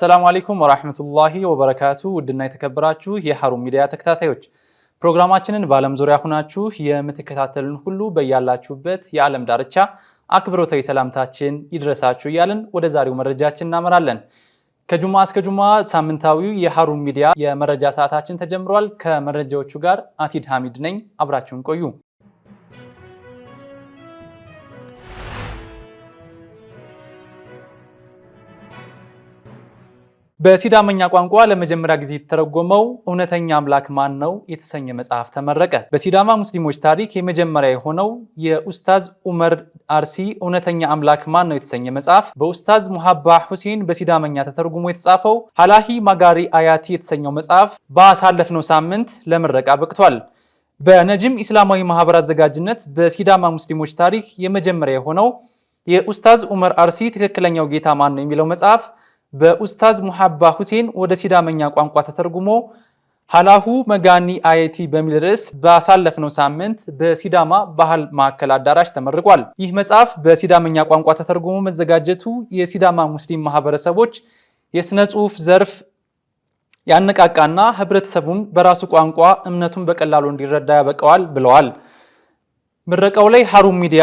ሰላም አለይኩም ወራህመቱላሂ ወበረካቱ። ውድና የተከበራችሁ የሀሩን ሚዲያ ተከታታዮች ፕሮግራማችንን በዓለም ዙሪያ ሁናችሁ የምትከታተሉን ሁሉ በያላችሁበት የዓለም ዳርቻ አክብሮታዊ ሰላምታችን ይድረሳችሁ እያልን ወደ ዛሬው መረጃችን እናመራለን። ከጁማ እስከ ጁማ ሳምንታዊው የሀሩን ሚዲያ የመረጃ ሰዓታችን ተጀምሯል። ከመረጃዎቹ ጋር አቲድ ሐሚድ ነኝ። አብራችሁን ቆዩ። በሲዳመኛ ቋንቋ ለመጀመሪያ ጊዜ የተተረጎመው እውነተኛ አምላክ ማን ነው የተሰኘ መጽሐፍ ተመረቀ። በሲዳማ ሙስሊሞች ታሪክ የመጀመሪያ የሆነው የኡስታዝ ኡመር አርሲ እውነተኛ አምላክ ማን ነው የተሰኘ መጽሐፍ በኡስታዝ ሙሀባ ሁሴን በሲዳመኛ ተተርጉሞ የተጻፈው ሀላሂ ማጋሪ አያቲ የተሰኘው መጽሐፍ በአሳለፍነው ሳምንት ለምረቃ በቅቷል። በነጅም ኢስላማዊ ማህበር አዘጋጅነት በሲዳማ ሙስሊሞች ታሪክ የመጀመሪያ የሆነው የኡስታዝ ኡመር አርሲ ትክክለኛው ጌታ ማን ነው የሚለው መጽሐፍ በኡስታዝ ሙሐባ ሁሴን ወደ ሲዳመኛ ቋንቋ ተተርጉሞ ሀላሁ መጋኒ አይቲ በሚል ርዕስ ባሳለፍነው ሳምንት በሲዳማ ባህል ማዕከል አዳራሽ ተመርቋል። ይህ መጽሐፍ በሲዳመኛ ቋንቋ ተተርጉሞ መዘጋጀቱ የሲዳማ ሙስሊም ማህበረሰቦች የሥነ ጽሑፍ ዘርፍ ያነቃቃና ህብረተሰቡም በራሱ ቋንቋ እምነቱን በቀላሉ እንዲረዳ ያበቀዋል ብለዋል። ምረቃው ላይ ሀሩን ሚዲያ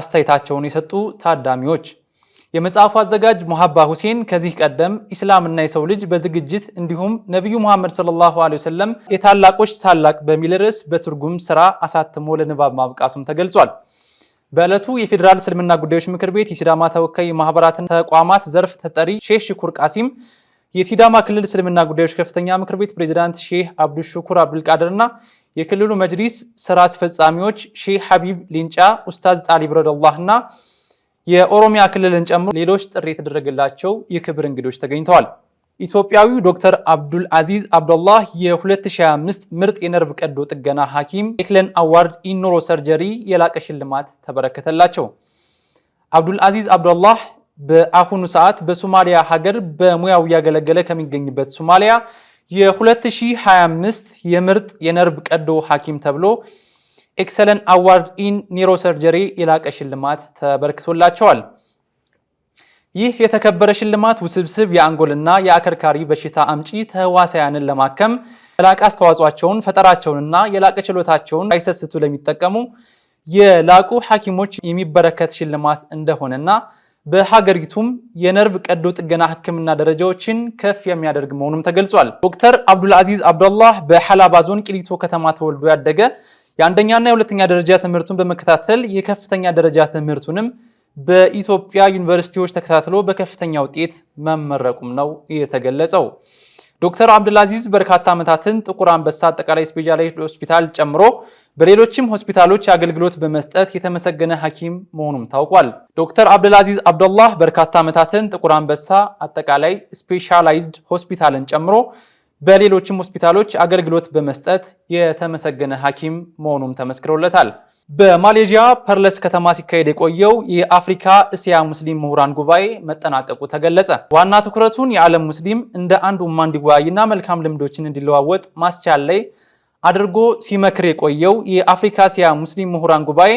አስተያየታቸውን የሰጡ ታዳሚዎች የመጽሐፉ አዘጋጅ ሙሐባ ሁሴን ከዚህ ቀደም ኢስላምና የሰው ልጅ በዝግጅት እንዲሁም ነቢዩ ሙሐመድ ሰለላሁ ዐለይሂ ወሰለም የታላቆች ታላቅ በሚል ርዕስ በትርጉም ስራ አሳትሞ ለንባብ ማብቃቱም ተገልጿል። በዕለቱ የፌዴራል እስልምና ጉዳዮች ምክር ቤት የሲዳማ ተወካይ ማህበራትን ተቋማት ዘርፍ ተጠሪ ሼህ ሽኩር ቃሲም፣ የሲዳማ ክልል እስልምና ጉዳዮች ከፍተኛ ምክር ቤት ፕሬዚዳንት ሼህ አብዱሽኩር አብዱልቃድር እና የክልሉ መጅሊስ ስራ አስፈጻሚዎች ሼህ ሐቢብ ሊንጫ፣ ኡስታዝ ጣሊብ ረደላህ እና የኦሮሚያ ክልልን ጨምሮ ሌሎች ጥሪ የተደረገላቸው የክብር እንግዶች ተገኝተዋል። ኢትዮጵያዊው ዶክተር አብዱል አዚዝ አብዱላህ የ2025 ምርጥ የነርቭ ቀዶ ጥገና ሐኪም ኤክለን አዋርድ ኢኖሮ ሰርጀሪ የላቀ ሽልማት ተበረከተላቸው። አብዱል አዚዝ አብዱላህ በአሁኑ ሰዓት በሶማሊያ ሀገር በሙያው እያገለገለ ከሚገኝበት ሶማሊያ የ2025 የምርጥ የነርቭ ቀዶ ሐኪም ተብሎ ኤክሰለን አዋርድ ኢን ኒውሮሰርጀሪ የላቀ ሽልማት ተበርክቶላቸዋል። ይህ የተከበረ ሽልማት ውስብስብ የአንጎልና የአከርካሪ በሽታ አምጪ ተህዋሳያንን ለማከም የላቀ አስተዋጽቸውን ፈጠራቸውንና የላቀ ችሎታቸውን ሳይሰስቱ ለሚጠቀሙ የላቁ ሐኪሞች የሚበረከት ሽልማት እንደሆነና በሀገሪቱም የነርቭ ቀዶ ጥገና ሕክምና ደረጃዎችን ከፍ የሚያደርግ መሆኑም ተገልጿል። ዶክተር አብዱልአዚዝ አብደላህ በሐላባ ዞን ቂሊቶ ከተማ ተወልዶ ያደገ የአንደኛና የሁለተኛ ደረጃ ትምህርቱን በመከታተል የከፍተኛ ደረጃ ትምህርቱንም በኢትዮጵያ ዩኒቨርሲቲዎች ተከታትሎ በከፍተኛ ውጤት መመረቁም ነው የተገለጸው። ዶክተር አብዱልአዚዝ በርካታ ዓመታትን ጥቁር አንበሳ አጠቃላይ ስፔሻላይዝድ ሆስፒታል ጨምሮ በሌሎችም ሆስፒታሎች አገልግሎት በመስጠት የተመሰገነ ሐኪም መሆኑም ታውቋል። ዶክተር አብዱልአዚዝ አብደላህ በርካታ ዓመታትን ጥቁር አንበሳ አጠቃላይ ስፔሻላይዝድ ሆስፒታልን ጨምሮ በሌሎችም ሆስፒታሎች አገልግሎት በመስጠት የተመሰገነ ሐኪም መሆኑም ተመስክሮለታል። በማሌዥያ ፐርለስ ከተማ ሲካሄድ የቆየው የአፍሪካ እስያ ሙስሊም ምሁራን ጉባኤ መጠናቀቁ ተገለጸ። ዋና ትኩረቱን የዓለም ሙስሊም እንደ አንድ ኡማ እንዲወያይና መልካም ልምዶችን እንዲለዋወጥ ማስቻል ላይ አድርጎ ሲመክር የቆየው የአፍሪካ እስያ ሙስሊም ምሁራን ጉባኤ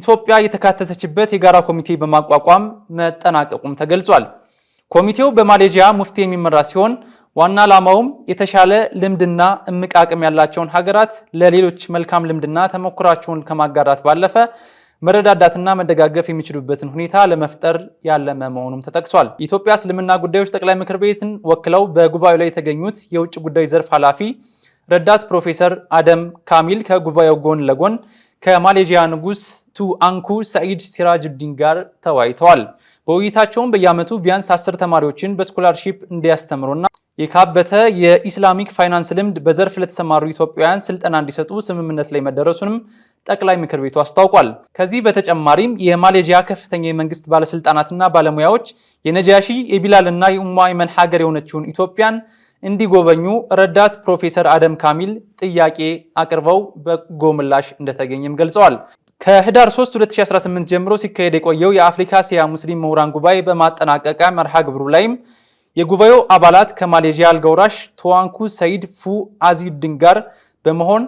ኢትዮጵያ የተካተተችበት የጋራ ኮሚቴ በማቋቋም መጠናቀቁም ተገልጿል። ኮሚቴው በማሌዥያ ሙፍቲ የሚመራ ሲሆን ዋና ዓላማውም የተሻለ ልምድና እምቅ አቅም ያላቸውን ሀገራት ለሌሎች መልካም ልምድና ተሞክራቸውን ከማጋራት ባለፈ መረዳዳትና መደጋገፍ የሚችሉበትን ሁኔታ ለመፍጠር ያለመ መሆኑም ተጠቅሷል። ኢትዮጵያ እስልምና ጉዳዮች ጠቅላይ ምክር ቤትን ወክለው በጉባኤው ላይ የተገኙት የውጭ ጉዳይ ዘርፍ ኃላፊ ረዳት ፕሮፌሰር አደም ካሚል ከጉባኤው ጎን ለጎን ከማሌዥያ ቱ አንኩ ሰዒድ ሲራጅዲን ጋር ተወያይተዋል። በውይይታቸውም በየዓመቱ ቢያንስ አስር ተማሪዎችን በስኮላርሺፕ እንዲያስተምሩና የካበተ የኢስላሚክ ፋይናንስ ልምድ በዘርፍ ለተሰማሩ ኢትዮጵያውያን ስልጠና እንዲሰጡ ስምምነት ላይ መደረሱንም ጠቅላይ ምክር ቤቱ አስታውቋል። ከዚህ በተጨማሪም የማሌዥያ ከፍተኛ የመንግስት ባለስልጣናትና ባለሙያዎች የነጃሺ የቢላልና የመን ሀገር የሆነችውን ኢትዮጵያን እንዲጎበኙ ረዳት ፕሮፌሰር አደም ካሚል ጥያቄ አቅርበው በጎ ምላሽ እንደተገኘም ገልጸዋል። ከህዳር 3 2018 ጀምሮ ሲካሄድ የቆየው የአፍሪካ ሲያ ሙስሊም ምሁራን ጉባኤ በማጠናቀቂያ መርሃ ግብሩ ላይም የጉባኤው አባላት ከማሌዥያ አልገውራሽ ተዋንኩ ሰይድ ፉ አዚድን ጋር በመሆን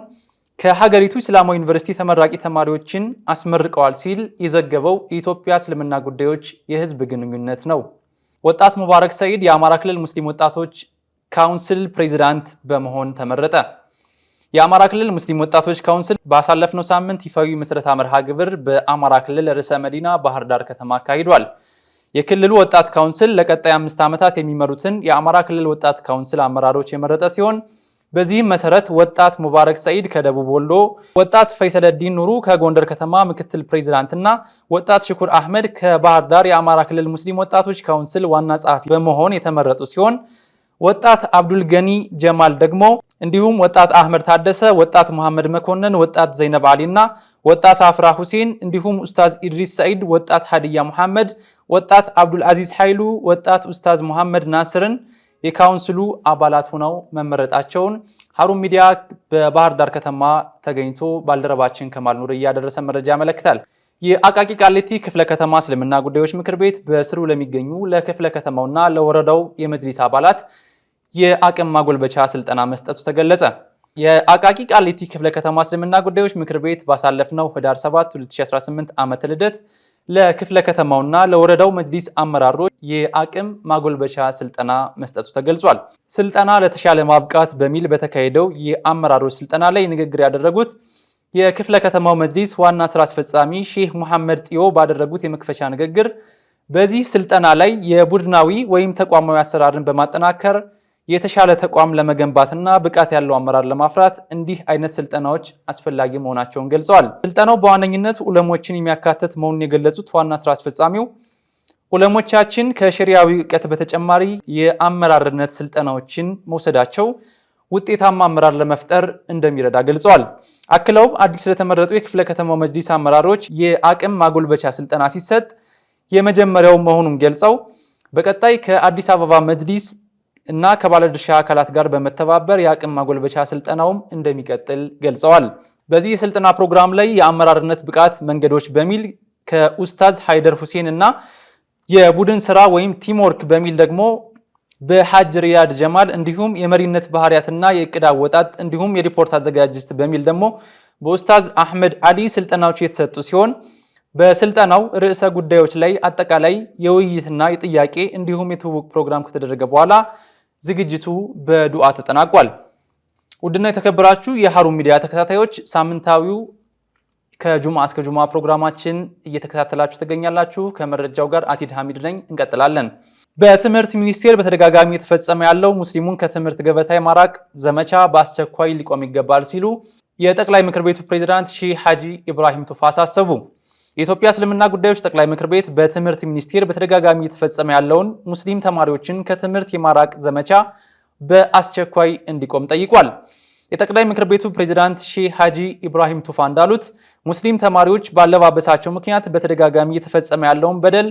ከሀገሪቱ እስላማዊ ዩኒቨርሲቲ ተመራቂ ተማሪዎችን አስመርቀዋል ሲል የዘገበው የኢትዮጵያ እስልምና ጉዳዮች የህዝብ ግንኙነት ነው። ወጣት ሙባረክ ሰይድ የአማራ ክልል ሙስሊም ወጣቶች ካውንስል ፕሬዚዳንት በመሆን ተመረጠ። የአማራ ክልል ሙስሊም ወጣቶች ካውንስል ባሳለፍነው ሳምንት ይፋዊ መሰረታ መርሃ ግብር በአማራ ክልል ርዕሰ መዲና ባህር ዳር ከተማ አካሂዷል። የክልሉ ወጣት ካውንስል ለቀጣይ አምስት ዓመታት የሚመሩትን የአማራ ክልል ወጣት ካውንስል አመራሮች የመረጠ ሲሆን በዚህም መሰረት ወጣት ሙባረክ ሰዒድ ከደቡብ ወሎ፣ ወጣት ፈይሰለዲን ኑሩ ከጎንደር ከተማ ምክትል እና ወጣት ሽኩር አህመድ ከባህር ዳር የአማራ ክልል ሙስሊም ወጣቶች ካውንስል ዋና ጸሐፊ በመሆን የተመረጡ ሲሆን ወጣት አብዱልገኒ ጀማል ደግሞ እንዲሁም ወጣት አህመድ ታደሰ፣ ወጣት መሐመድ መኮንን፣ ወጣት ዘይነብ አሊ እና ወጣት አፍራ ሁሴን እንዲሁም ኡስታዝ ኢድሪስ ሰዒድ፣ ወጣት ሀዲያ መሐመድ፣ ወጣት አብዱል አዚዝ ኃይሉ ወጣት ኡስታዝ መሐመድ ናስርን የካውንስሉ አባላት ሆነው መመረጣቸውን ሀሩን ሚዲያ በባህር ዳር ከተማ ተገኝቶ ባልደረባችን ከማል ኑር እያደረሰ መረጃ ያመለክታል። የአቃቂ ቃሊቲ ክፍለ ከተማ እስልምና ጉዳዮች ምክር ቤት በስሩ ለሚገኙ ለክፍለ ከተማውና ለወረዳው የመጅሊስ አባላት የአቅም ማጎልበቻ ስልጠና መስጠቱ ተገለጸ። የአቃቂ ቃሊቲ ክፍለ ከተማ እስልምና ጉዳዮች ምክር ቤት ባሳለፍነው ህዳር 7 2018 ዓመተ ልደት ለክፍለ ከተማውና ለወረዳው መጅሊስ አመራሮች የአቅም ማጎልበቻ ስልጠና መስጠቱ ተገልጿል። ስልጠና ለተሻለ ማብቃት በሚል በተካሄደው የአመራሮች ስልጠና ላይ ንግግር ያደረጉት የክፍለ ከተማው መጅሊስ ዋና ስራ አስፈጻሚ ሼህ መሐመድ ጢዮ ባደረጉት የመክፈቻ ንግግር በዚህ ስልጠና ላይ የቡድናዊ ወይም ተቋማዊ አሰራርን በማጠናከር የተሻለ ተቋም ለመገንባትና ብቃት ያለው አመራር ለማፍራት እንዲህ አይነት ስልጠናዎች አስፈላጊ መሆናቸውን ገልጸዋል። ስልጠናው በዋነኝነት ዑለሞችን የሚያካትት መሆኑን የገለጹት ዋና ስራ አስፈጻሚው ዑለሞቻችን ከሸሪያዊ እውቀት በተጨማሪ የአመራርነት ስልጠናዎችን መውሰዳቸው ውጤታማ አመራር ለመፍጠር እንደሚረዳ ገልጸዋል። አክለውም አዲስ ለተመረጡ የክፍለ ከተማው መጅሊስ አመራሮች የአቅም ማጎልበቻ ስልጠና ሲሰጥ የመጀመሪያው መሆኑን ገልጸው በቀጣይ ከአዲስ አበባ መጅሊስ እና ከባለድርሻ አካላት ጋር በመተባበር የአቅም ማጎልበቻ ስልጠናውም እንደሚቀጥል ገልጸዋል። በዚህ የስልጠና ፕሮግራም ላይ የአመራርነት ብቃት መንገዶች በሚል ከኡስታዝ ሃይደር ሁሴን እና የቡድን ስራ ወይም ቲምወርክ በሚል ደግሞ በሐጅ ሪያድ ጀማል እንዲሁም የመሪነት ባህሪያትና የእቅድ አወጣጥ እንዲሁም የሪፖርት አዘጋጅት በሚል ደግሞ በኡስታዝ አህመድ አሊ ስልጠናዎች የተሰጡ ሲሆን በስልጠናው ርዕሰ ጉዳዮች ላይ አጠቃላይ የውይይትና የጥያቄ እንዲሁም የትውውቅ ፕሮግራም ከተደረገ በኋላ ዝግጅቱ በዱዓ ተጠናቋል። ውድና የተከበራችሁ የሀሩን ሚዲያ ተከታታዮች ሳምንታዊው ከጁማ እስከ ጁማ ፕሮግራማችን እየተከታተላችሁ ትገኛላችሁ። ከመረጃው ጋር አቲድ ሐሚድ ነኝ። እንቀጥላለን። በትምህርት ሚኒስቴር በተደጋጋሚ የተፈጸመ ያለው ሙስሊሙን ከትምህርት ገበታ የማራቅ ዘመቻ በአስቸኳይ ሊቆም ይገባል ሲሉ የጠቅላይ ምክር ቤቱ ፕሬዚዳንት ሺህ ሐጂ ኢብራሂም ቱፋ አሳሰቡ። የኢትዮጵያ እስልምና ጉዳዮች ጠቅላይ ምክር ቤት በትምህርት ሚኒስቴር በተደጋጋሚ እየተፈጸመ ያለውን ሙስሊም ተማሪዎችን ከትምህርት የማራቅ ዘመቻ በአስቸኳይ እንዲቆም ጠይቋል። የጠቅላይ ምክር ቤቱ ፕሬዚዳንት ሼህ ሀጂ ኢብራሂም ቱፋ እንዳሉት ሙስሊም ተማሪዎች ባለባበሳቸው ምክንያት በተደጋጋሚ እየተፈጸመ ያለውን በደል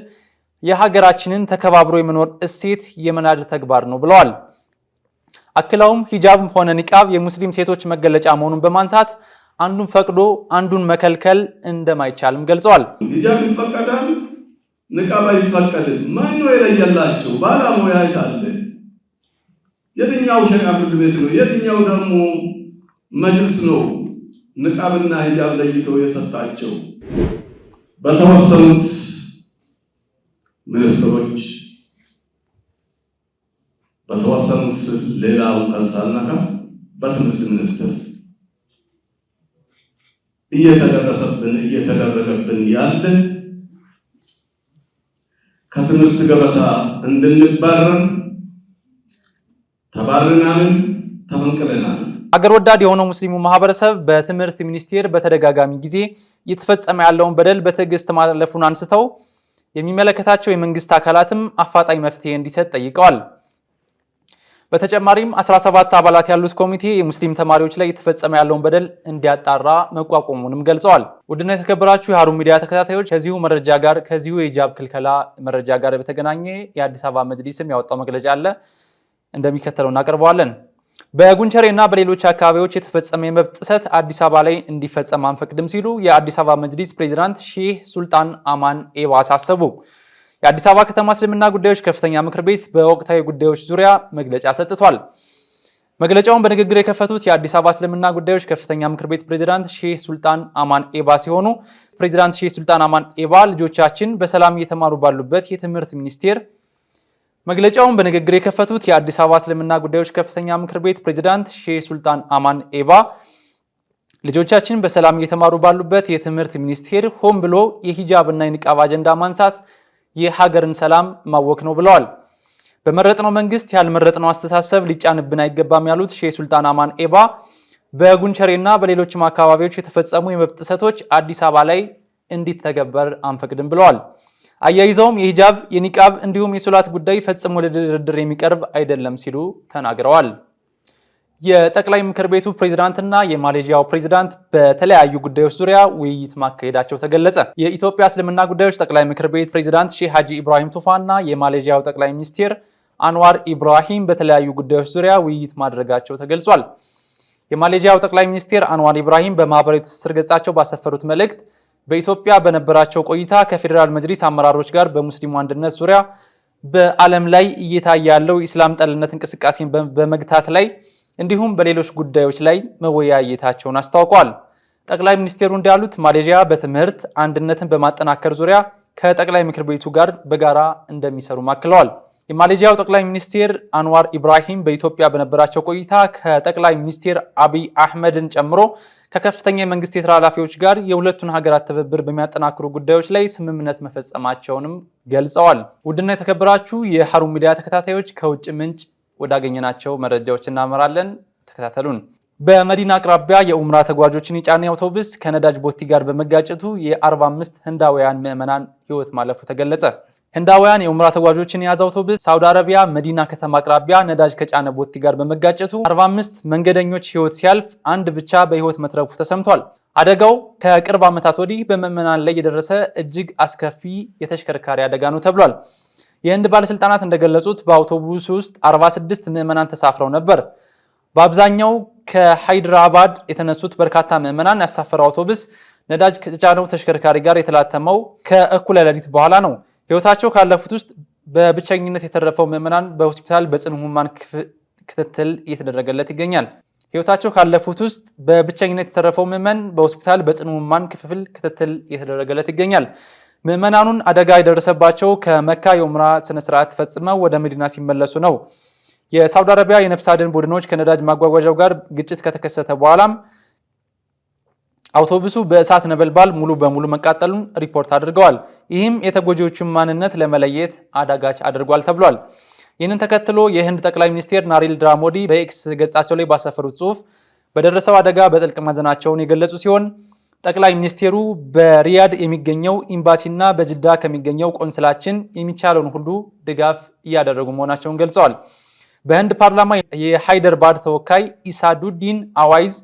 የሀገራችንን ተከባብሮ የመኖር እሴት የመናድ ተግባር ነው ብለዋል። አክለውም ሂጃብም ሆነ ኒቃብ የሙስሊም ሴቶች መገለጫ መሆኑን በማንሳት አንዱን ፈቅዶ አንዱን መከልከል እንደማይቻልም ገልጸዋል። ሂጃብ ይፈቀዳል፣ ንቃብ አይፈቀድም። ማን ነው የለየላቸው? ባለሙያ አለ። የትኛው ሸሪዓ ፍርድ ቤት ነው? የትኛው ደግሞ መጅልስ ነው ንቃብና ሂጃብ ለይተው የሰጣቸው? በተወሰኑት ሚኒስትሮች በተወሰኑት ሌላው ቀምሳልነካ በትምህርት ሚኒስትር እየተደረሰብን እየተደረገብን ያለ ከትምህርት ገበታ እንድንባረን ተባርናልን፣ ተፈንቅለናል። አገር ወዳድ የሆነው ሙስሊሙ ማህበረሰብ በትምህርት ሚኒስቴር በተደጋጋሚ ጊዜ እየተፈጸመ ያለውን በደል በትዕግስት ማለፉን አንስተው የሚመለከታቸው የመንግስት አካላትም አፋጣኝ መፍትሄ እንዲሰጥ ጠይቀዋል። በተጨማሪም 17 አባላት ያሉት ኮሚቴ የሙስሊም ተማሪዎች ላይ የተፈጸመ ያለውን በደል እንዲያጣራ መቋቋሙንም ገልጸዋል። ውድና የተከበራችሁ የሃሩን ሚዲያ ተከታታዮች ከዚሁ መረጃ ጋር ከዚሁ የሂጃብ ክልከላ መረጃ ጋር በተገናኘ የአዲስ አበባ መጅሊስም ያወጣው መግለጫ አለ እንደሚከተለው እናቀርበዋለን። በጉንቸሬ እና በሌሎች አካባቢዎች የተፈጸመ የመብት ጥሰት አዲስ አበባ ላይ እንዲፈጸም አንፈቅድም ሲሉ የአዲስ አበባ መጅሊስ ፕሬዚዳንት ሼህ ሱልጣን አማን ኤባ አሳሰቡ። የአዲስ አበባ ከተማ እስልምና ጉዳዮች ከፍተኛ ምክር ቤት በወቅታዊ ጉዳዮች ዙሪያ መግለጫ ሰጥቷል። መግለጫውን በንግግር የከፈቱት የአዲስ አበባ እስልምና ጉዳዮች ከፍተኛ ምክር ቤት ፕሬዚዳንት ሼህ ሱልጣን አማን ኤባ ሲሆኑ ፕሬዚዳንት ሼህ ሱልጣን አማን ኤባ ልጆቻችን በሰላም እየተማሩ ባሉበት የትምህርት ሚኒስቴር መግለጫውን በንግግር የከፈቱት የአዲስ አበባ እስልምና ጉዳዮች ከፍተኛ ምክር ቤት ፕሬዚዳንት ሼህ ሱልጣን አማን ኤባ ልጆቻችን በሰላም እየተማሩ ባሉበት የትምህርት ሚኒስቴር ሆን ብሎ የሂጃብ እና የኒቃብ አጀንዳ ማንሳት የሀገርን ሰላም ማወክ ነው ብለዋል። በመረጥነው መንግስት ያልመረጥነው አስተሳሰብ ሊጫንብን አይገባም ያሉት ሼህ ሱልጣን አማን ኤባ በጉንቸሬና በሌሎችም አካባቢዎች የተፈጸሙ የመብት ጥሰቶች አዲስ አበባ ላይ እንዲተገበር አንፈቅድም ብለዋል። አያይዘውም የሂጃብ የኒቃብ እንዲሁም የሶላት ጉዳይ ፈጽሞ ለድርድር የሚቀርብ አይደለም ሲሉ ተናግረዋል። የጠቅላይ ምክር ቤቱ ፕሬዝዳንትና የማሌዥያው ፕሬዝዳንት በተለያዩ ጉዳዮች ዙሪያ ውይይት ማካሄዳቸው ተገለጸ። የኢትዮጵያ እስልምና ጉዳዮች ጠቅላይ ምክር ቤት ፕሬዝዳንት ሼህ ሀጂ ኢብራሂም እና የማሌዥያው ጠቅላይ ሚኒስቴር አንዋር ኢብራሂም በተለያዩ ጉዳዮች ዙሪያ ውይይት ማድረጋቸው ተገልጿል። የማሌዥያው ጠቅላይ ሚኒስቴር አንዋር ኢብራሂም በማህበራዊ ትስስር ገጻቸው ባሰፈሩት መልእክት በኢትዮጵያ በነበራቸው ቆይታ ከፌዴራል መጅሊስ አመራሮች ጋር በሙስሊሙ አንድነት ዙሪያ በዓለም ላይ እየታየ ያለው ኢስላም ጠልነት እንቅስቃሴን በመግታት ላይ እንዲሁም በሌሎች ጉዳዮች ላይ መወያየታቸውን አስታውቋል። ጠቅላይ ሚኒስቴሩ እንዳሉት ማሌዥያ በትምህርት አንድነትን በማጠናከር ዙሪያ ከጠቅላይ ምክር ቤቱ ጋር በጋራ እንደሚሰሩ አክለዋል። የማሌዥያው ጠቅላይ ሚኒስቴር አንዋር ኢብራሂም በኢትዮጵያ በነበራቸው ቆይታ ከጠቅላይ ሚኒስቴር አቢይ አህመድን ጨምሮ ከከፍተኛ የመንግስት የስራ ኃላፊዎች ጋር የሁለቱን ሀገራት ትብብር በሚያጠናክሩ ጉዳዮች ላይ ስምምነት መፈጸማቸውንም ገልጸዋል። ውድና የተከበራችሁ የሀሩን ሚዲያ ተከታታዮች ከውጭ ምንጭ ወዳገኘናቸው መረጃዎች እናመራለን። ተከታተሉን። በመዲና አቅራቢያ የኡምራ ተጓዦችን የጫነ አውቶቡስ ከነዳጅ ቦቲ ጋር በመጋጨቱ የ45 ህንዳውያን ምዕመናን ህይወት ማለፉ ተገለጸ። ህንዳውያን የኡምራ ተጓዦችን የያዘ አውቶቡስ ሳውዲ አረቢያ መዲና ከተማ አቅራቢያ ነዳጅ ከጫነ ቦቲ ጋር በመጋጨቱ 45 መንገደኞች ህይወት ሲያልፍ አንድ ብቻ በህይወት መትረፉ ተሰምቷል። አደጋው ከቅርብ ዓመታት ወዲህ በምዕመናን ላይ የደረሰ እጅግ አስከፊ የተሽከርካሪ አደጋ ነው ተብሏል። የህንድ ባለስልጣናት እንደገለጹት በአውቶቡስ ውስጥ 46 ምዕመናን ተሳፍረው ነበር። በአብዛኛው ከሃይድራባድ የተነሱት በርካታ ምዕመናን ያሳፈረው አውቶቡስ ነዳጅ ከተጫነው ተሽከርካሪ ጋር የተላተመው ከእኩለ ሌሊት በኋላ ነው። ህይወታቸው ካለፉት ውስጥ በብቸኝነት የተረፈው ምዕመናን በሆስፒታል በጽኑ ህሙማን ክትትል እየተደረገለት ይገኛል። ህይወታቸው ካለፉት ውስጥ በብቸኝነት የተረፈው ምዕመን በሆስፒታል በጽኑ ህሙማን ክፍል ክትትል እየተደረገለት ይገኛል። ምዕመናኑን አደጋ የደረሰባቸው ከመካ የኡምራ ስነስርዓት ፈጽመው ወደ መዲና ሲመለሱ ነው። የሳውዲ አረቢያ የነፍስ አድን ቡድኖች ከነዳጅ ማጓጓዣው ጋር ግጭት ከተከሰተ በኋላም አውቶቡሱ በእሳት ነበልባል ሙሉ በሙሉ መቃጠሉን ሪፖርት አድርገዋል። ይህም የተጎጂዎችን ማንነት ለመለየት አዳጋች አድርጓል ተብሏል። ይህንን ተከትሎ የህንድ ጠቅላይ ሚኒስትር ናሬንድራ ሞዲ በኤክስ ገጻቸው ላይ ባሰፈሩት ጽሁፍ በደረሰው አደጋ በጥልቅ ማዘናቸውን የገለጹ ሲሆን ጠቅላይ ሚኒስቴሩ በሪያድ የሚገኘው ኤምባሲና በጅዳ ከሚገኘው ቆንስላችን የሚቻለውን ሁሉ ድጋፍ እያደረጉ መሆናቸውን ገልጸዋል። በህንድ ፓርላማ የሃይደርባድ ተወካይ ኢሳዱዲን አዋይዝ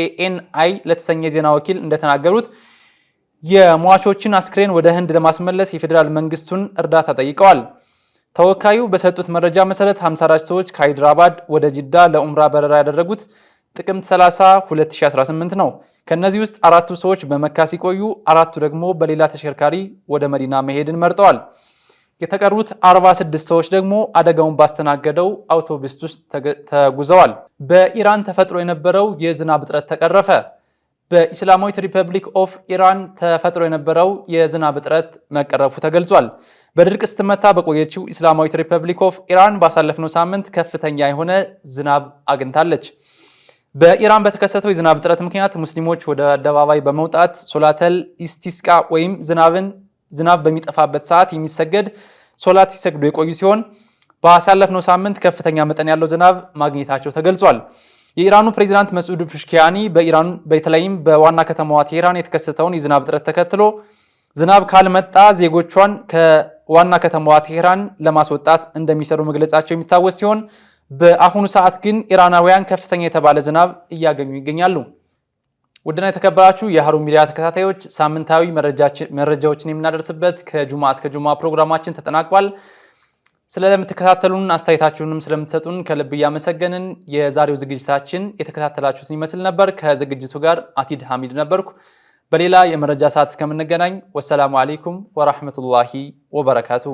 ኤኤንአይ ለተሰኘ ዜና ወኪል እንደተናገሩት የሟቾችን አስክሬን ወደ ህንድ ለማስመለስ የፌዴራል መንግስቱን እርዳታ ጠይቀዋል። ተወካዩ በሰጡት መረጃ መሰረት 54 ሰዎች ከሃይድራባድ ወደ ጅዳ ለኡምራ በረራ ያደረጉት ጥቅምት 30 2018 ነው። ከእነዚህ ውስጥ አራቱ ሰዎች በመካ ሲቆዩ፣ አራቱ ደግሞ በሌላ ተሽከርካሪ ወደ መዲና መሄድን መርጠዋል። የተቀሩት 46 ሰዎች ደግሞ አደጋውን ባስተናገደው አውቶቡስ ውስጥ ተጉዘዋል። በኢራን ተፈጥሮ የነበረው የዝናብ እጥረት ተቀረፈ። በኢስላማዊት ሪፐብሊክ ኦፍ ኢራን ተፈጥሮ የነበረው የዝናብ እጥረት መቀረፉ ተገልጿል። በድርቅ ስትመታ በቆየችው ኢስላማዊት ሪፐብሊክ ኦፍ ኢራን ባሳለፍነው ሳምንት ከፍተኛ የሆነ ዝናብ አግኝታለች። በኢራን በተከሰተው የዝናብ እጥረት ምክንያት ሙስሊሞች ወደ አደባባይ በመውጣት ሶላተል ኢስቲስቃ ወይም ዝናብን ዝናብ በሚጠፋበት ሰዓት የሚሰገድ ሶላት ሲሰግዱ የቆዩ ሲሆን በአሳለፍነው ሳምንት ከፍተኛ መጠን ያለው ዝናብ ማግኘታቸው ተገልጿል። የኢራኑ ፕሬዚዳንት መስዑድ ፑሽኪያኒ በኢራን በተለይም በዋና ከተማዋ ቴህራን የተከሰተውን የዝናብ እጥረት ተከትሎ ዝናብ ካልመጣ ዜጎቿን ከዋና ከተማዋ ቴህራን ለማስወጣት እንደሚሰሩ መግለጻቸው የሚታወስ ሲሆን በአሁኑ ሰዓት ግን ኢራናውያን ከፍተኛ የተባለ ዝናብ እያገኙ ይገኛሉ። ውድና የተከበራችሁ የሀሩን ሚዲያ ተከታታዮች ሳምንታዊ መረጃዎችን የምናደርስበት ከጁማ እስከ ጁማ ፕሮግራማችን ተጠናቋል። ስለምትከታተሉን አስተያየታችሁንም ስለምትሰጡን ከልብ እያመሰገንን የዛሬው ዝግጅታችን የተከታተላችሁትን ይመስል ነበር። ከዝግጅቱ ጋር አቲድ ሐሚድ ነበርኩ። በሌላ የመረጃ ሰዓት እስከምንገናኝ ወሰላሙ አሌይኩም ወራህመቱላሂ ወበረካቱ።